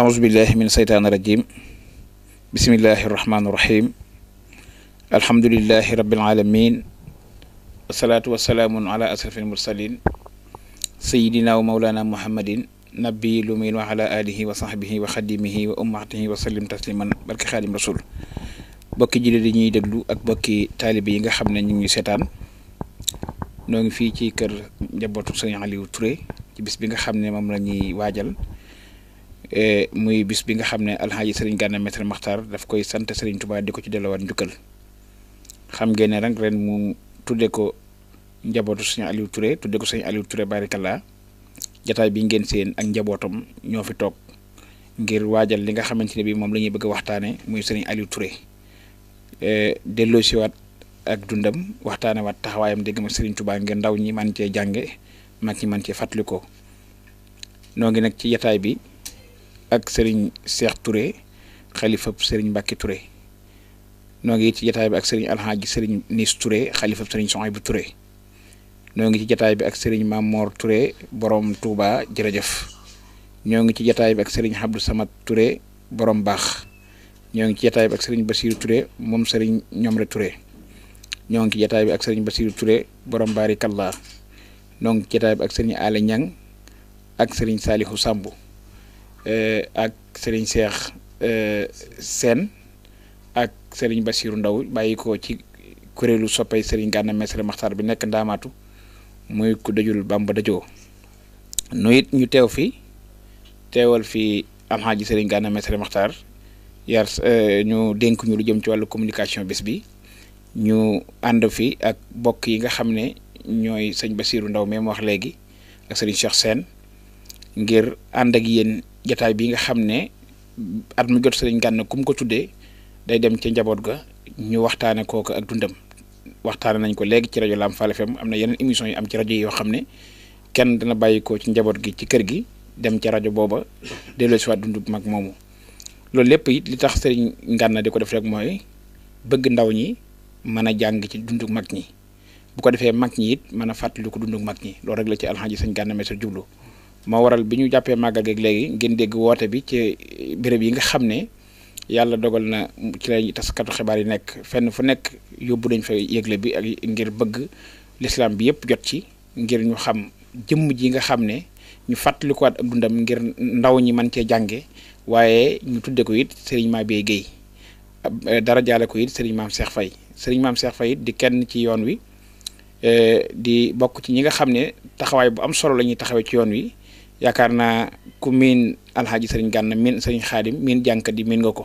aousubillahi min seytaan irajim bismillahi irrahmani irrahim alhamdulilahi rabilalamin wasalaatu wasalaamun ala asrafi almursalin sayidina wa maulana muhammadin nabii lu min wa ala alihi wa sahbihi wa xadimihi wa ummatihi wa sallim tasliman barke xaadim rasul bokki jile di ñuy déglu ak bokki taalibe yi nga xam ne ñu ngi seetaan noo ngi fii ci kër njabootu sëñ Aliou Touré ci bis bi nga xam ne moom la ñuy waajal E, muy bis bi nga xam ne alxaaji sëriñ Gana Mesere Maxtaar daf koy sant sëriñ tubaa di ko ci delluwaat njukkal xam ngeen ne rek ren mu tudde ko njabootu sëñ Aliou Touré tudde ko barikalla jataay bi ngeen seen ak njabootam ñoo fi toog ngir waajal li nga xamante ne bi moom la bëgg a waxtaane muy sëriñ Aliou ture delloo siwaat ak dundam waxtaane waat taxawaayam dégg ma sëriñ tubaa ngir ndaw ñi man cee jànge mag ñi man cee fàttali ko noo ngi nag ci jataay bi ak sëriñ Cheikh Touré xalifab sëriñ Mbacke Touré noo ngi ci jataay bi ak sëriñ Alxaaji sëriñ Nis Touré xalifab sëriñ Sohaybu Touré ñoo ngi ci jataay bi ak sëriñ Mamor Touré borom Touba jërëjëf ñoo ngi ci jataay bi ak sëriñ Abdou Samad Touré borom baax ñoo ngi ci jataay bi ak sëriñ Basiru Touré moom sëriñ Ñomre Touré ñoo ngi ci jataay bi ak sëriñ Basiru Touré borom Barikalla ñoo ngi ci jataay bi ak sëriñ Ale ñaŋ ak sëriñ Saalihu Sambu Eh, ak sëriñ Cheikh eh, seen ak sëriñ Bassirou Ndaw bàyyikoo ci kuréelu soppay sëriñ Gana Messere Maxtaar bi nekk ndaamaatu muy ku dajul Bàmba dajoo nu it ñu teew fi teewal fi alxaaji sëriñ Gana Messere Maxtaar yar eh, ñu dénk lu jëm ci wàllu communication bis bi ñu ànd fi ak bokk yi nga xam ne ñooy sëñ Bassirou Ndaw même wax léegi ak sëriñ Cheikh Sène ngir ànd ak yéen jataay bi nga xam ne at mu jot sëriñ Gana ku mu ko tuddee day dem ca njaboot ga ñu waxtaane kooku ak dundam waxtaane nañ ko léegi ci rajo Lam Fall am na yeneen émission yi am ci rajo yoo xam ne kenn dana bàyyi ci njaboot gi ci kër gi dem ca rajo booba delloo si waat dund mag moomu loolu lépp it li tax sëriñ Gana di ko def rek mooy bëgg ndaw ñi mën a jàng ci dundu mag ñi bu ko defee mag ñi it mën a fàttali ko dundu mag ñi loolu rek la ci alxaaji sëñ Gana Messere jublu moo waral bi ñu jàppee màggal geeg léegi ngeen dégg woote bi ci béréb yi nga xam ne yàlla dogal na ci lay taskatu xibaar yi nekk fenn fu nekk yóbbu dañ fa yëgle bi ak ngir bëgg lislaam bi yëpp jot ci ngir ñu xam jëmm ji nga xam ne ñu fàttalikuwaat ab dundam ngir ndaw ñi mën cee jànge waaye ñu tudde ko it sëriñ Mabeye Guèye eh, dara jaale ko it sëriñ maam seex fay sëriñ maam Cheikh Faye di kenn ci yoon wi eh, di bokk ci ñi nga xam ne taxawaay bu am solo la ñuy taxawee ci yoon wi yaakaar naa ku miin alxaaji sëriñ Gana miin sëriñ xaadim miin jànkat yi miin nga ko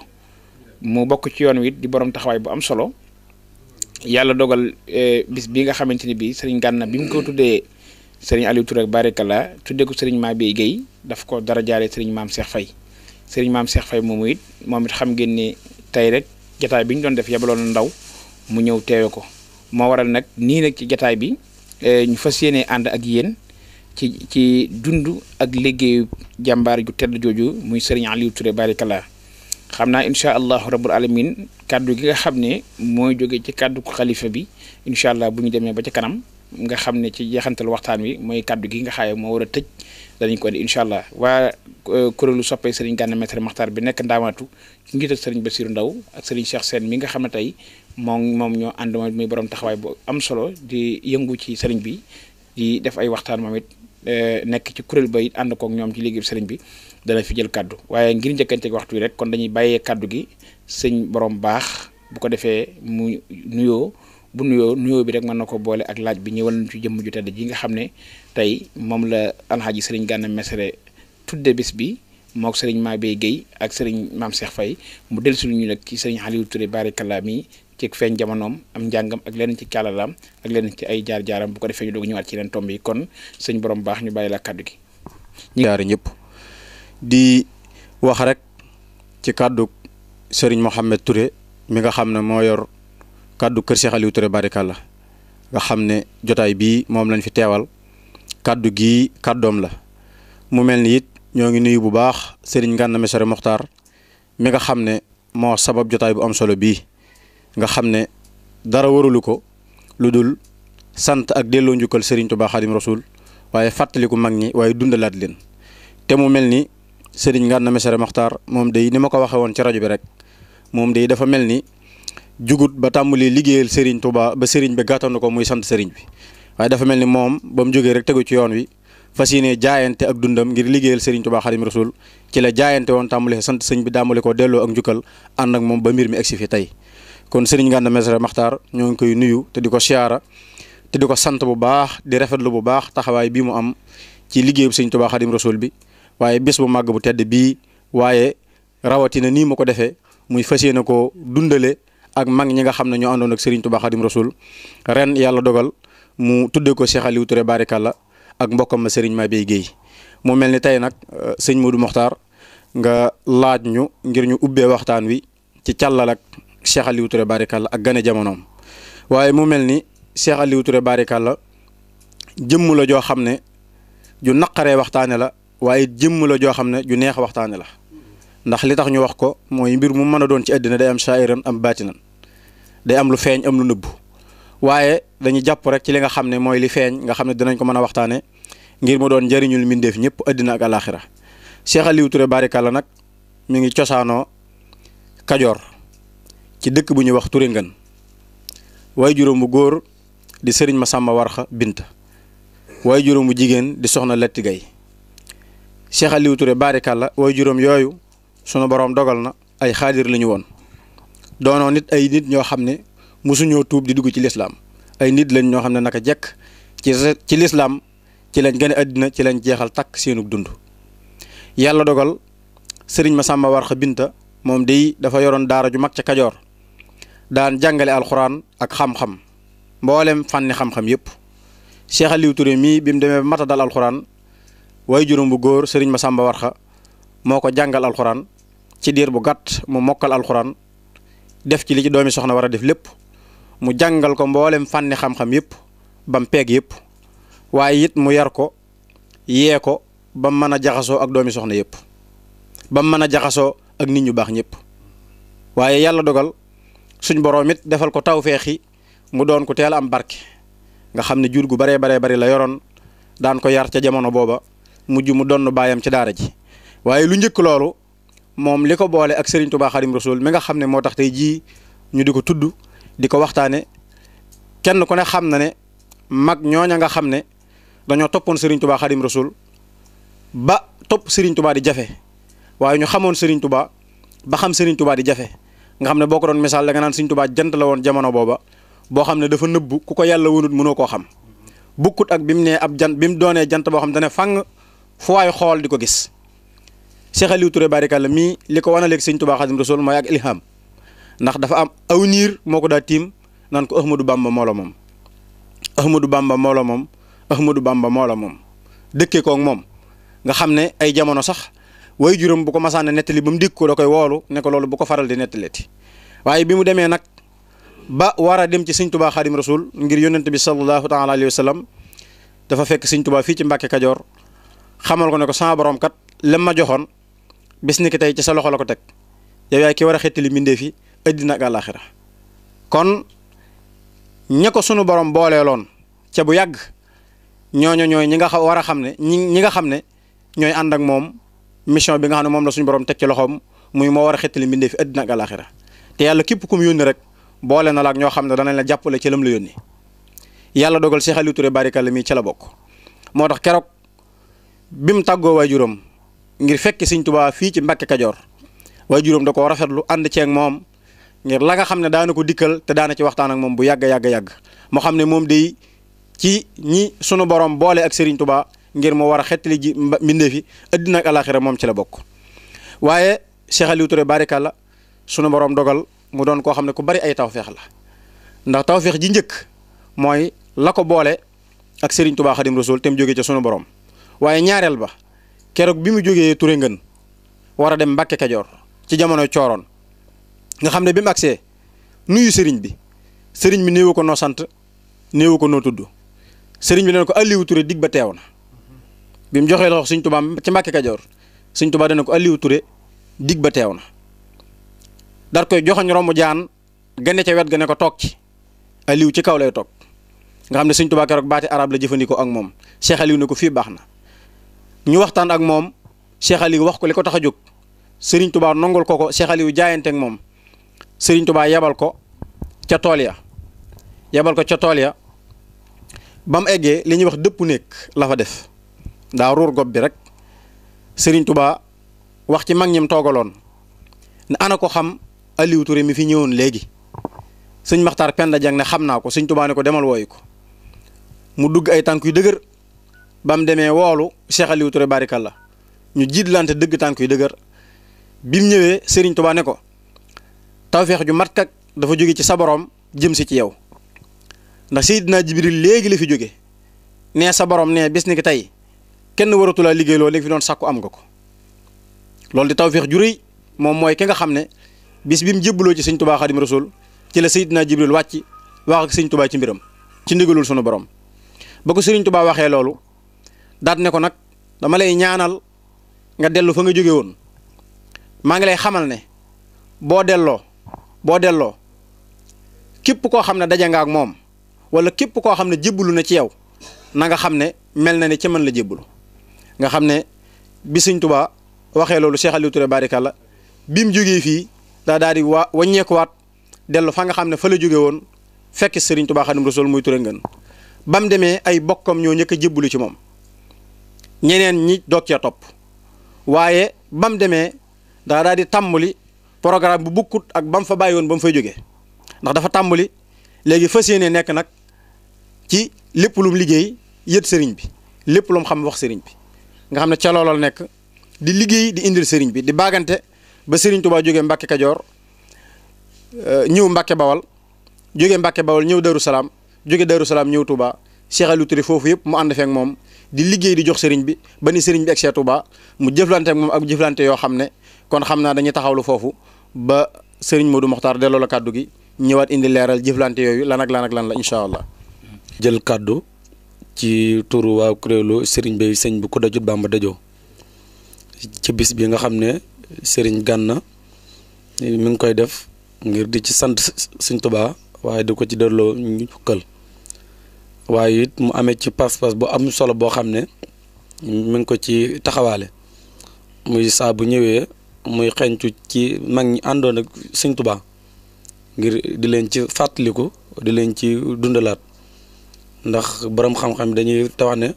mu bokk ci yoon wi di borom taxawaay bu am solo yàlla dogal eh, bis bi nga xamante ni bii sëriñ Gana bi mu ko tuddee sëriñ Aliou Touré barikala tuddee ko sëriñ Mabey Guèye daf ko dara jaaree sëriñ maam Cheikh fay sëriñ maam Cheikh Faye moomu it moom it xam ngeen ni tey rek jataay bi ñu doon def yabaloon ndaw mu ñëw teewe ko moo waral nag nii nag ci jataay bi eh, ñu fas yéenee ànd ak yéen. ci ci dund ak liggéeyu jàmbaar ju tedd jooju muy sëriñ Aliou Touré barikala xam naa incha allah rabbul alamin kàddu gi nga xam ne mooy jóge ci kàddu xalifa bi incha allah bu ñu demee ba ci kanam nga xam ne ci jeexantal waxtaan wi mooy kàddu gi nga xaaye moo war a tëj danañ ko indi incha allah waa euh, kuréelu soppee sëriñ Gana Messere Maxtaar bi nekk ndaamaatu ci njiital sëriñ Basiru Ndaw ak sëriñ Cheikh Sène mi nga xam ne tey moom moom ñoo ànd moom muy borom taxawaay bu am solo di yëngu ci sëriñ bi di def ay waxtaan moom Eh, nekk ci kuréel ba it ànd kook ñoom ci liggéeyu sëriñ bi dana fi jël kaddu waaye ngir njëkkante waxtu wi rek kon dañuy bàyyee kàddu gi sëñ borom baax bu ko defee mu nuyoo bu nuyoo nuyoo bi rek mën na ko boole ak laaj bi ñëwal nañu ci jëmm ju tedd ji nga xam ne tey moom la alxaaji sëriñ Gana Messere tudde bis bi moo mook sëriñ Mabey Guèye ak sëriñ Maam Cheikh Faye mu dellu si ñu nag ci sëriñ Aliou Touré barikalla mi ci feeñ jamonoom am njàngam ak leneen ci kàllalaam ak leneen ci ay jaar-jaaram bu ko defee ñu doog ñëwaat ci leen tomb yi kon sëñ borom baax ñu bàyyi la kàddu gi. ñi jaar ñëpp di wax ci kàddu sëriñ Mouhamed mi nga xam ne moo yor kàddu kër Cheikh Aliou Touré barikàlla nga xam ne jotaay bii moom lañ fi teewal kàddu gi kàddoom la mu mel ni it ñoo ngi nuyu bu baax sëriñ Gana Messere Mokhtar mi nga xam ne moo sabab jotaay bu am solo bii. nga xam ne dara warulu ko lu dul sant ak delloo njukkal sëriñ Touba Xadim Rasul waaye fàttaliku mag ñi waaye dundalaat leen te mu mel ni Serigne Gana Messere Maxtaar moom day ni ma ko waxee woon ci rajo bi rek moom day dafa mel ni jugut ba tàmbali liggéeyal Serigne tubaa ba Serigne bi gàttandu ko muy sant Serigne bi waaye dafa mel ni moom ba mu jógee rek tegu ci yoon wi fas yéene jaayante ak dundam ngir liggéeyal Serigne Touba Xadim Rasul ci la jaayante woon tàmbali sant sëñ bi dàmbali ko delloo ak njukkal ànd ak moom ba mbir mi egsi fi tey. kon Serigne Nganda Mesere Maxtaar ñoo ngi koy nuyu te di ko siyaara te di ko sant bu baax di rafetlu bu baax taxawaay bii mu am ci liggéeyub Sëriñ Tuubaa Xadim Rasul bi waaye bés bu màgg bu tedd bii waaye rawatina nii mu ko defee muy fas yéene ko dundale ak mag ñi nga xam ne ñoo àndoon ak Serigne Touba Khadim Rasoul ren yàlla dogal mu tuddee ko Cheikh ture Touré Barikalla ak mbokkam ma maa Mabey Guèye mu mel ni tey nag euh, sëñ Modou Mokhtar nga laaj ñu ngir ñu ubbee waxtaan wi ci càllal Cheikh Aliou Touré Barikalla ak gane jamonoom waaye mu mel ni Cheikh Aliou Touré Barikalla jëmm la joo xam ne ju naqaree waxtaane la waaye jëmm la joo xam ne ju neex waxtaane la ndax li tax ñu wax ko mooy mbir mu mën a doon ci àddina day am saayiran am baatinan day am lu feeñ am lu nëbbu waaye dañu jàpp rek ci li nga xam ne mooy li feeñ nga xam ne dinañ ko mën a waxtaane ngir mu doon njëriñul mbindeef ñëpp àddina ak alaaxira Cheikh Aliou Touré Barikalla nag mu ngi cosaanoo Kajoor ci dëkk bu ñuy wax Touré ngan waaye juróom bu góor di sëriñ Masamba Warxa Binta waaye juróom bu jigéen di soxna Latti Gay Cheikh Aliou Touré waaye juróom yooyu sunu boroom dogal na ay xaadir la woon doonoo nit ay nit ñoo xam ne mosuñoo tuub di dugg ci lislaam ay nit lañ ñoo xam ne naka jekk ci lislaam ci lañ gën àddina ci lañ jeexal takk seenug dund yàlla dogal sëriñ Masamba Warxa Binta moom day dafa yoroon daara ju mag ca Kajoor daan jàngale alxuraan ak xam-xam mboolem fànni xam-xam yëpp Cheikh Aliou Touré mii bi mu demee ba mata dal alxuraan way juróom bu góor sëriñ ma Masamba Warxa moo ko jàngal alxuraan ci diir bu gàtt mu mokkal alxuraan def ci li ci doomi soxna war a def lépp mu jàngal ko mboolem fànni xam-xam yëpp bam peeg yëpp waaye it mu yar ko yee ko ba mën a jaxasoo ak doomi soxna yëpp ba mën a jaxasoo ak nit ñu baax ñëpp waaye yàlla dogal. suñ boroom it defal ko taw feexi mu doon ko teel am barke nga xam ne jur gu baree bare bari la yoroon daan ko yar ca jamono booba mujj mu doon donn baayam ci daara ji waaye lu njëkk loolu moom li ko boole ak Serigne Touba Xadim Rasul mi nga xam ne moo tax tey jii ñu di ko tudd di ko waxtaane kenn ku ne xam na ne mag ñooña nga xam ne dañoo toppoon Serigne Touba Xadim Rasul ba topp Serigne Touba di jafe waaye ñu xamoon sëriñ Touba ba xam sëriñ Touba di jafe. nga xam ne boo ko doon misaal da nga naan Sëriñ Tuubaa jant la woon jamono booba boo xam ne dafa nëbbu ku ko yàlla wonut mënoo koo xam bukkut ak bi mu nee ab jant bi mu doonee jant boo xam dana ne fang fu waay xool di ko gis Cheikh Aliou Touré barikàlla mii li ko wanaleeg Sëriñ Tuubaa Xaadimu Rasuul mooy ak ilham ndax dafa am aw niir moo ko daa tiim naan ko Ahmadou Bamba moolo moom Ahmadou Bamba moo la moom Ahmadou Bamba moo la moom dëkkee koog moom nga xam ne ay jamono sax way juróom bu ko masaan nettali ba mu dikk ko da koy woolu ne ko loolu bu ko faral di nettaleti waaye bi mu demee nag ba war a dem ci siñ tubaa xaadim rasul ngir yonent bi sallallahu taala alayhi wa sallam dafa fekk sëñ tubaa fii ci mbàkke kajoor xamal ko ne ko sama borom kat lem ma joxoon bis tey ci sa loxo la ko teg yow yaay ki war a xettali mbindee fi addina ak àllaaxira kon ña sunu borom booleeloon ca bu yàgg ñooñu ñooy ñi nga war a xam ne ñi ñi nga xam ne ñooy ànd ak moom mission bi nga xam ne moom la suñu borom teg ci loxoom muy moo war a xettali mbindee fi àddina ak te yàlla képp ku mu yónni rek boole na la ak ñoo xam ne danañ la jàppale ci lam la yónni yàlla dogal Cheikh Aliou Touré barikalla mii ci la bokk moo tax keroog bi mu tàggoo waajuram ngir fekk Sëñ fii ci Mbàkke Kajoor waajuram da koo rafetlu ànd ceeg moom ngir la nga xam ne daana ko dikkal te daana ci waxtaan ak moom bu yàgg yàgg yàgg moo xam ne moom day ci ñi sunu borom boole ak Serigne tubaa ngir mu war a xettali ji mbindee fi addina ak alaxira moom ci la bokk waaye Cheikh Aliou Touré barikàlla sunu borom dogal mu doon koo xam ne ku bari ay tawféex la ndax tawféex ji njëkk mooy la ko boole ak Serigne Touba Khadim Rasoul te mu jógee ca sunu borom waaye ñaareel ba keroog bi mu jógee Touré ngën war a dem mbakke Kajoor ci jamono cooroon nga xam ne bi mu agsee nuyu sëriñ bi Serigne bi néewu ko noo sant néewu ko noo tudd Serigne bi neen ko Aliou Touré dig ba teew na. bi mu joxee loxo Sëñ Tuubaa ci Mbàkke Kajoor Sëñ Tuubaa dana ko Aliou Touré dig ba teew na dar koy joxoñ romb jaan gane ca wet ga ne ko toog ci Aliou ci kaw lay toog nga xam ne Sëñ Tuubaa keroog baati arab la jëfandikoo ak moom Cheikh Aliou ne ko fii baax na ñu waxtaan ak moom Cheikh Aliou wax ko li ko tax a jóg Sëriñ tubaa nongul ko ko Cheikh jaayanteek moom Sëriñ Tuubaa yebal ko ca tool ya yebal ko ca tool ya ba mu eggee li ñuy wax dëpp nekk lafa def daa ruur gob bi rek sëriñ Touba wax ci mag ñim toogaloon ne ana ko xam Aliou Touré mi fi ñëwoon léegi sëñ Maxtaar Penda Jang ne xam naa ko sëñ Touba ne ko demal wooyu ko mu dugg ay tànk yu dëgër ba demee woolu Cheikh Aliou Touré la ñu jiitlante dëgg tànk yu dëgër bi mu ñëwee Serigne Touba ne ko tawfeex ju mat kak dafa jóge ci sa borom jëm si ci yow ndax Seydina Jibril léegi la fi jóge nee sa borom nee bis ni ko tey kenn waratu laa liggéey loolu léegi fi doon sàkku am nga ko loolu di tawféex ju rëy moom mooy ki nga xam ne bis bi mu jébbaloo ci sëñ tubaa xadim rasul ci la Seydina Jibril wàcc wax ak sëñ tubaa ci mbiram ci ndigalul sunu borom ba ko sëriñ tubaa waxee loolu daat ne ko nag dama lay ñaanal nga dellu fa nga jóge woon maa ngi lay xamal ne boo delloo boo delloo képp koo xam ne daje nga ak moom wala képp koo xam ne jébbalu na ci yow na nga xam ne mel na ne ci man la jébbalu nga xam ne bi sëñ tubaa waxee loolu Cheikh Aliou Touré barikàlla bi mu jógee fii daa daal di waa wàññeekuwaat dellu fa nga xam ne fa la jóge woon fekk sëriñ Tuubaa Xaadimu Rasuul muy Touré ngeen bam demee ay bokkam ñoo ñëkk a jébbalu ci moom ñeneen ñi doog cee topp waaye bam demee daa daal di tàmbali programme bu bukkut ak ba mu fa bàyyi woon ba mu fay jóge ndax dafa tàmbali léegi fa yéene nekk nag ci lépp lum liggéey yët sëriñ bi lépp lum xam wax sëriñ bi. nga xam ne ca loolal nekk di liggéey di indil sëriñ bi di baagante ba sëriñ Tuubaa jóge Mbàkke Kajoor euh, ñëw Mbàkke Bawal jógee Mbàkke Bawal ñëw Daru Salaam jóge Daru Salaam ñëw Touba Cheikh Aliou foofu yëpp mu ànd feek moom di liggéey di jox sëriñ bi ba ni sëriñ bi egg see Touba mu jëflante moom ak jëflante yoo xam ne kon xam naa dañuy taxawlu foofu ba sëriñ Modou Mokhtar delloo la kàddu gi ñëwaat indi leeral jëflante yooyu lan ak lan ak lan la incha allah. jël kàddu. ci turu waa kuréelu sëriñ Bay sëñ bu ko dajut Bàmba dajoo ci bis bi nga xam ne Serigne Gana mi ngi koy def ngir di ci sant Sëñ Tuubaa waaye di ko ci delloo njukkal waaye it mu amee ci pas-pas bu am solo boo xam ne mi ngi ko ci taxawaale muy saa bu ñëwee muy xencu ci mag ñi àndoon ak Sëñ Tuubaa ngir di leen ci fàttaliku di leen ci dundalaat ndax borom xam-xam dañuy tawax ne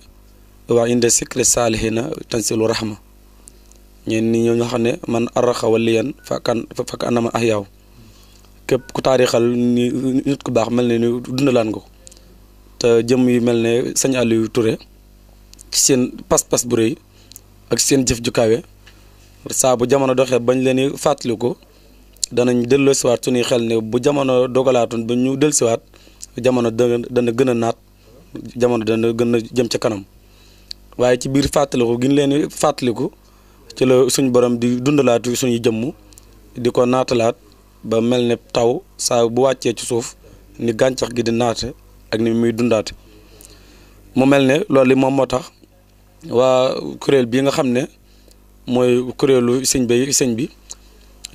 waa inde sikri saalihina tansilu rahma ñeen ni ñoo xam ne man arraxa waliyan fakkan fakk anama ah yaaw képp ku taarixal ni nit ku baax mel ne ni dundalaan nga ko te jëm yu mel ne sëñ Aliou Touré ci seen pas-pas bu rëy ak seen jëf ju saa bu jamono doxee bañ leen di fàttali ko danañ delloosiwaat suñuy xel ne bu jamono dogalaatoon ba ñu dellusiwaat jamono dana dana gën a naat jamono dana gën a jëm ca kanam waaye ci biir fàttaliku gi ñu leen fàttaliku ci la suñ borom di dundalaatu suñu jëmm di ko naatalaat ba mel ne taw saa bu wàccee ci suuf ni gàncax gi di naate ak ni muy dundaate mu mel ne loolu moom moo tax waa kuréel bii nga xam ne mooy kuréelu sëñ bi sëñ bi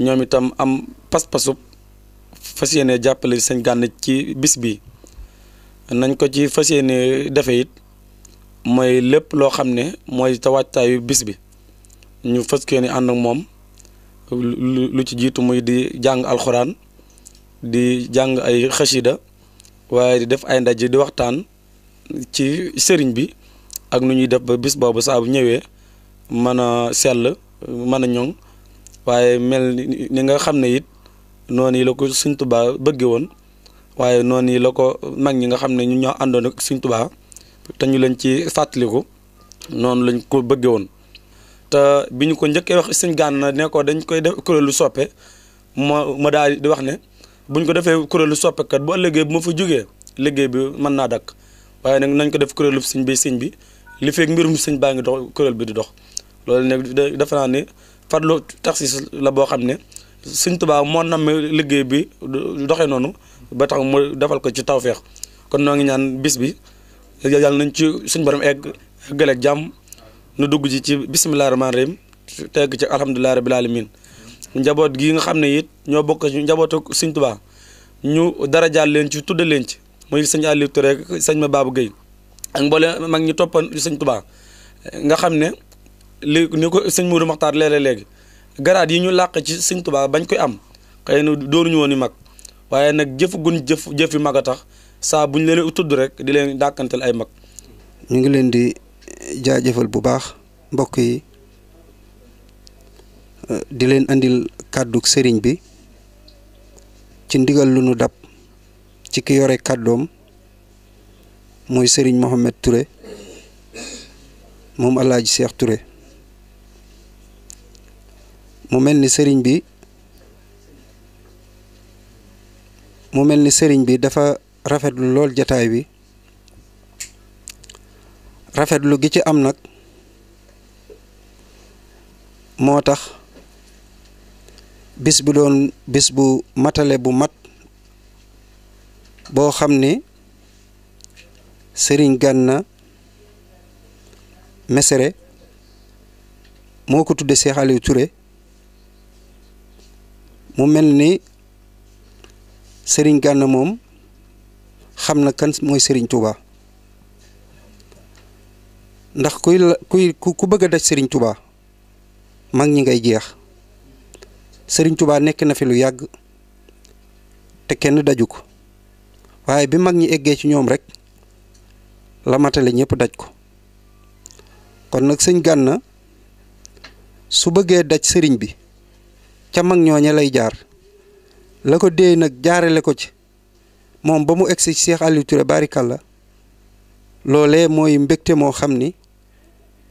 ñoom itam am pas-pasub fas yéene jàppale sëñ Gana ci bis bi nañ ko ci fas yéene defe it mooy lépp loo xam ne mooy ta waajtaayu bis bi ñu fas yéene ànd moom lu ci jiitu muy di jàng alxuraan di jàng ay xasida waaye di def ay ndaje di waxtaan ci sëriñ bi ak nu ñuy def ba bis boobu saa bu ñëwee mën a sell mën a ñoŋ waaye mel ni nga xam ne it noonu yi la ko Sëriñ Tuubaa bëggee woon waaye noonu yi la ko mag ñi nga xam ne ñu ñoo àndoon ak Sëriñ Tuubaa te ñu leen ci fàttaliku noonu lañ ko bëggee woon te bi ñu ko njëkkee wax Sëriñ na ne ko dañ koy def kuréelu soppe ma ma daal di wax ne buñ ko defee kuréelu soppekat bu ëllëgee bu ma fa jógee liggéey bi mën naa dakk waaye nag nañ ko def kuréelu sëñ bi siñ bi li fekk mbirum sëñ baa ngi dox kuréel bi di dox loolu nag defe naa ne farlu taxis la boo xam ne Sëriñ Tuubaa moo namm liggéey bi doxee noonu ba tax mu defal ko ci tawféex kon noo ngi ñaan bis bi yàlla nañ ci suñ borom egg gëleeg jàmm nu dugg ji ci bisimilah rahmaani rahim tegg ci alhamdulilah rabil alamin njaboot gi nga xam ne it ñoo bokk ci njabootu Sëñ Tuubaa ñu dara jaal leen ci tudd leen ci muy sëñ Aliou Touré ak ma Babou Guèye ak mboole mag ñi toppan Sëñ Tuubaa nga xam ne li ni ko sëñ Mourou Maxtaar léeg-léeg léegi garaat yi ñu làq ci Sëñ Tuubaa bañ koy am xëy na doonuñu woon yu mag waaye nag jëf guñ jëf jëfi mag a tax saa bu ñu leen tudd rek di leen dàkkantel ay mag. ñu ngi leen di jaajëfal bu baax mbokk yi euh, di leen indil kàddug sëriñ bi ci ndigal lu nu dab ci ki yore kàddoom mooy sëriñ Mohamed Touré moom Alaaji Seex ture mu mel ni sëriñ bi. mu mel ni sëriñ bi dafa rafetlu lool jataay bi rafetlu gi ci am nag moo tax bis bi doon bis bu matale bu mat boo xam ni sëriñ Gana Messere moo ko tudde Cheikh Aliou ture mu mel ni sëriñ Gana moom xam na kan mooy sëriñ Touba ndax kuy kuy ku bëgg a daj sëriñ Touba mag ñi ngay jeex sëriñ tubaa nekk na fi lu yàgg te kenn daju ko waaye bi mag ñi eggee ci ñoom rek la matale ñëpp daj ko kon nag sëñ Gana su bëggee daj sëriñ bi ca mag ñooña lay jaar la ko déey nag jaarale ko ci moom ba mu egsi ci Cheikh Aliou la loole mooy mbégte moo xam ni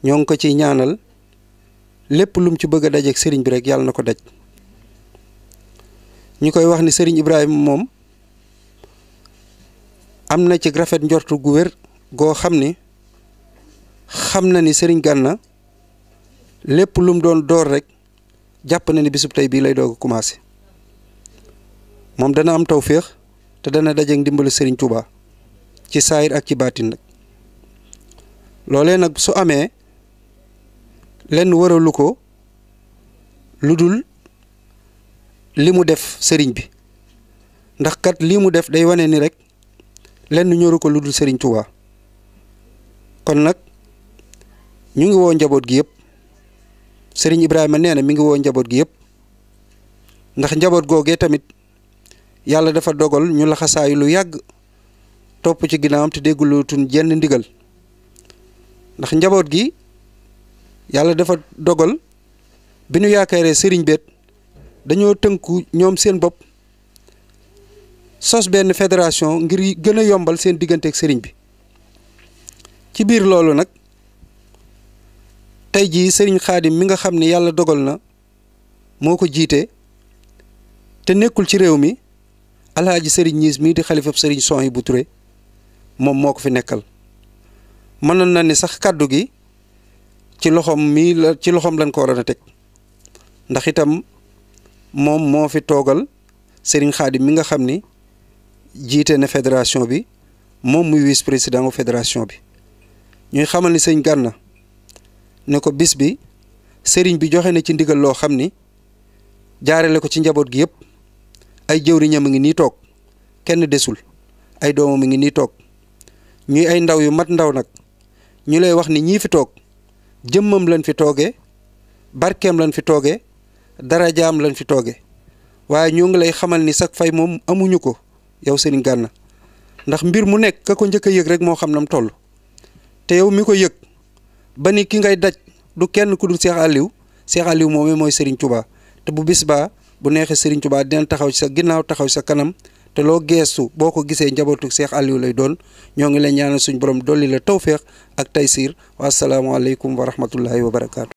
ñoo ngi ko ciy ñaanal lépp lum ci bëgg a sëriñ bi rek yàlla na ko daj ñu koy wax ni sëriñ Ibrahima moom am na ci rafet njortu gu wér goo xam ni xam na ni sëriñ Gana lépp lum doon door rek jàpp na ni bisub tey bii lay doog a commencé moom dana am taw tawféex te dana daje ndimbalu sëriñ Touba ci saayir ak ci baatin nag loolee nag su amee lenn waralu ko lu dul li mu def sëriñ bi ndax kat lii mu def day wane ni rek lenn ñoru ko lu dul Serigne Touba kon nag ñu ngi woo njaboot gi yëpp Serigne Ibrahima nee na mi ngi woo njaboot gi yëpp ndax njaboot googee tamit. yàlla dafa dogal ñu laxasaay lu yàgg topp ci ginnaawam te déggulutuñ jenn ndigal ndax njaboot gi yàlla dafa dogal bi ñu yaakaaree sëriñ beet dañoo tënku ñoom seen bopp sos benn fédération ngir gën a yombal seen digganteek sëriñ bi ci biir loolu nag tey jii sëriñ xaadim mi nga xam ne yàlla dogal na moo ko jiite te nekkul ci réew mi alhaaji sëriñ ñiis mii di xalifab sëriñ son yi bu ture moom moo ko fi nekkal mënoon na ni sax kàddu gi ci loxoom mii la ci loxoom lañ ko waroon a teg ndax itam moom moo fi toogal sëriñ xaadim mi nga xam ni jiite na fédération bi moom muy vice président fédération bi ñuy xamal ni sëñ Gana ne ko bis bi sëriñ bi joxe na ci ndigal loo xam ni jaarale ko ci njaboot gi yëpp ay jëwriñam a ngi nii toog kenn desul ay doomam a ngi nii toog ñuy ay ndaw yu mat ndaw nag ñu lay wax ni ñii fi toog jëmmam lañ fi toogee barkeem lañ fi toogee darajaam lañ fi tooge waaye ñoo ngi lay xamal ni sax fay moom amuñu ko yow Serigne Gana ndax mbir mu nekk ka ko njëkk a yëg rek moo xam na mu toll te yow mi ko yëg ba ni ki ngay daj du kenn ku dul Cheikh Aliou Cheikh Aliou moomee mooy Serigne Touba te bu bis baa bu neexee Serigne Touba dina taxaw ci sa ginnaaw taxaw ci sa kanam te loo geestu boo ko gisee njabootu Cheikh Aliou lay doon ñoo ngi lay ñaanal suñu borom dolli la tawféex ak taysir wa salaamualeykum wa rahmatullahi wa barakaatu.